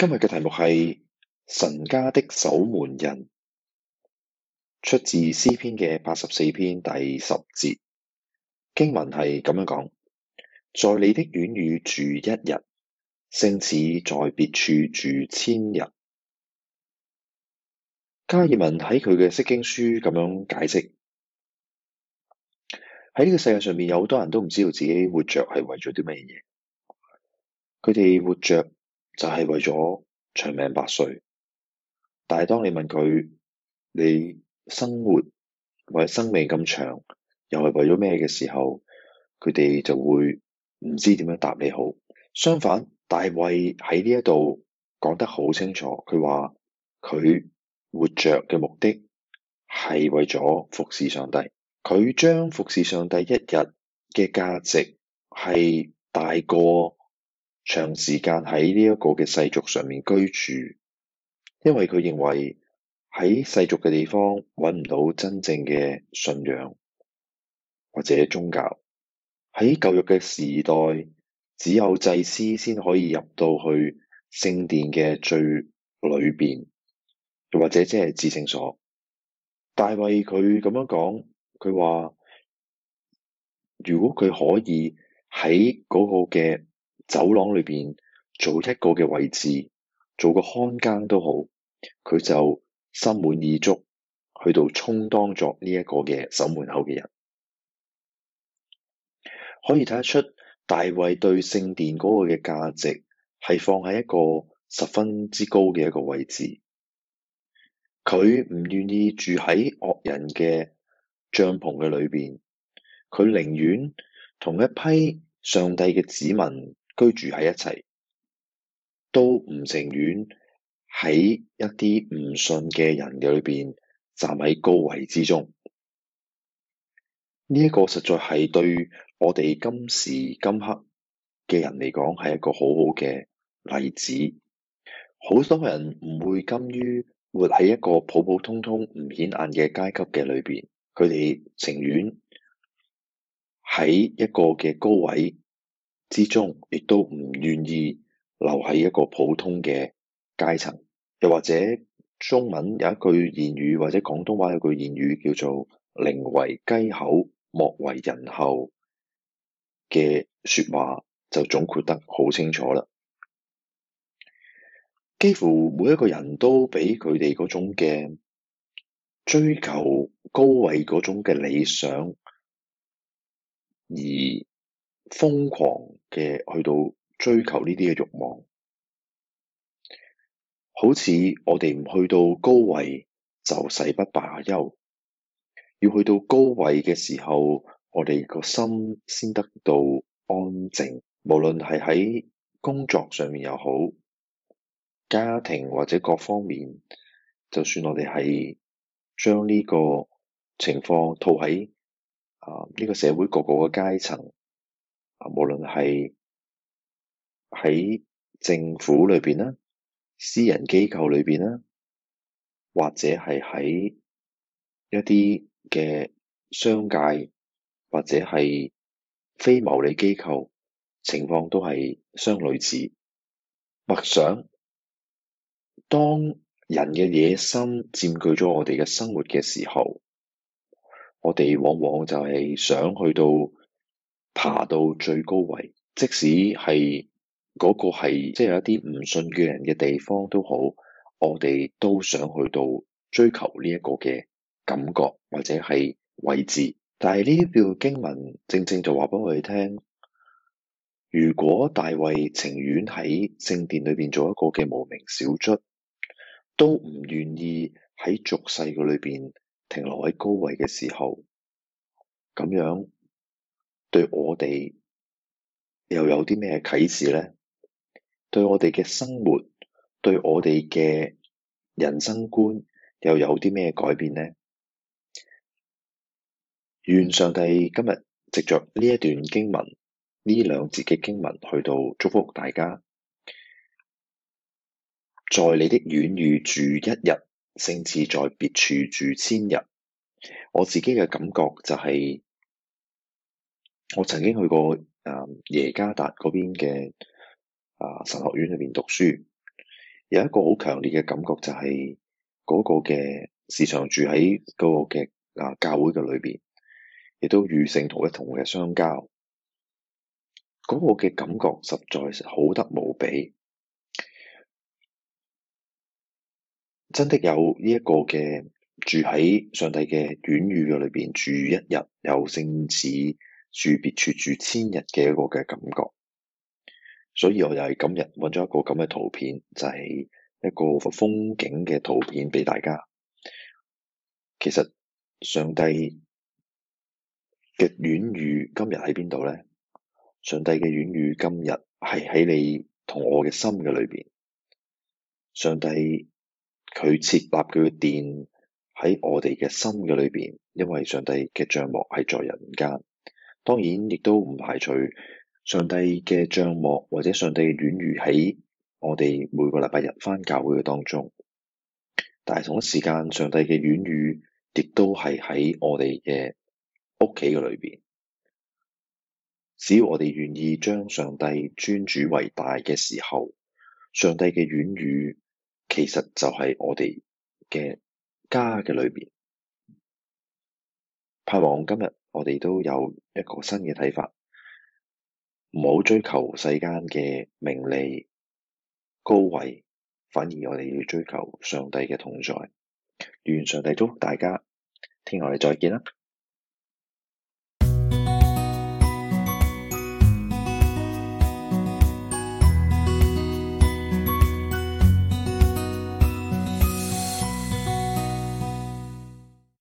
今日嘅題目係神家的守門人，出自詩篇嘅八十四篇第十節經文係咁樣講：在你的院宇住一日，勝似在別處住千日。加爾文喺佢嘅釋經書咁樣解釋：喺呢個世界上面，有好多人都唔知道自己活着係為咗啲乜嘢，佢哋活着。就係為咗長命百歲，但係當你問佢，你生活或者生命咁長，又係為咗咩嘅時候，佢哋就會唔知點樣答你好。相反，大衛喺呢一度講得好清楚，佢話佢活着嘅目的係為咗服侍上帝。佢將服侍上帝一日嘅價值係大過。長時間喺呢一個嘅世俗上面居住，因為佢認為喺世俗嘅地方揾唔到真正嘅信仰或者宗教。喺舊約嘅時代，只有祭司先可以入到去聖殿嘅最裏邊，又或者即係至聖所。大衛佢咁樣講，佢話如果佢可以喺嗰個嘅。走廊裏邊做一個嘅位置，做個看更都好，佢就心滿意足去到充當咗呢一個嘅守門口嘅人，可以睇得出大衛對聖殿嗰個嘅價值係放喺一個十分之高嘅一個位置，佢唔願意住喺惡人嘅帳篷嘅裏邊，佢寧願同一批上帝嘅子民。居住喺一齊都唔情願喺一啲唔信嘅人嘅裏邊站喺高位之中。呢、這、一個實在係對我哋今時今刻嘅人嚟講，係一個好好嘅例子。好多人唔會甘於活喺一個普普通通、唔顯眼嘅階級嘅裏邊，佢哋情願喺一個嘅高位。之中，亦都唔願意留喺一個普通嘅階層，又或者中文有一句諺語，或者廣東話有句諺語叫做「寧為雞口，莫為人後」嘅説話，就總括得好清楚啦。幾乎每一個人都俾佢哋嗰種嘅追求高位嗰種嘅理想而，瘋狂嘅去到追求呢啲嘅慾望，好似我哋唔去到高位就誓不罷休，要去到高位嘅時候，我哋個心先得到安靜。無論係喺工作上面又好，家庭或者各方面，就算我哋係將呢個情況套喺啊呢個社會各個個嘅階層。啊！無論係喺政府裏邊啦、私人機構裏邊啦，或者係喺一啲嘅商界，或者係非牟利機構，情況都係相類似。默想，當人嘅野心佔據咗我哋嘅生活嘅時候，我哋往往就係想去到。爬到最高位，即使係嗰個係即係一啲唔信嘅人嘅地方都好，我哋都想去到追求呢一個嘅感覺或者係位置。但係呢一條經文正正就話俾我哋聽，如果大衛情願喺聖殿裏邊做一個嘅無名小卒，都唔願意喺俗世嗰裏邊停留喺高位嘅時候，咁樣。對我哋又有啲咩啟示呢？對我哋嘅生活，對我哋嘅人生觀又有啲咩改變呢？願上帝今日藉着呢一段經文，呢兩節嘅經文去到祝福大家。在你的院宇住一日，勝似在別處住千日。我自己嘅感覺就係、是。我曾經去過誒耶加達嗰邊嘅啊神學院裏邊讀書，有一個好強烈嘅感覺就係嗰個嘅時常住喺嗰個嘅啊教會嘅裏邊，亦都與聖徒一同嘅相交，嗰個嘅感覺實在好得無比，真的有呢一個嘅住喺上帝嘅院宇嘅裏邊住一日有聖子，又甚至。住別處住千日嘅一個嘅感覺，所以我又係今日揾咗一個咁嘅圖片，就係一個風景嘅圖片俾大家。其實上帝嘅軟語今日喺邊度呢？上帝嘅軟語今日係喺你同我嘅心嘅裏邊。上帝佢設立佢嘅殿喺我哋嘅心嘅裏邊，因為上帝嘅帳幕係在人間。當然，亦都唔排除上帝嘅帳幕或者上帝嘅院宇喺我哋每個禮拜日返教會嘅當中。但係同一時間，上帝嘅院宇亦都係喺我哋嘅屋企嘅裏邊。只要我哋願意將上帝尊主為大嘅時候，上帝嘅院宇其實就係我哋嘅家嘅裏邊。盼望今日，我哋都有一個新嘅睇法，唔好追求世間嘅名利高位，反而我哋要追求上帝嘅同在。願上帝祝福大家，聽日我哋再見啦。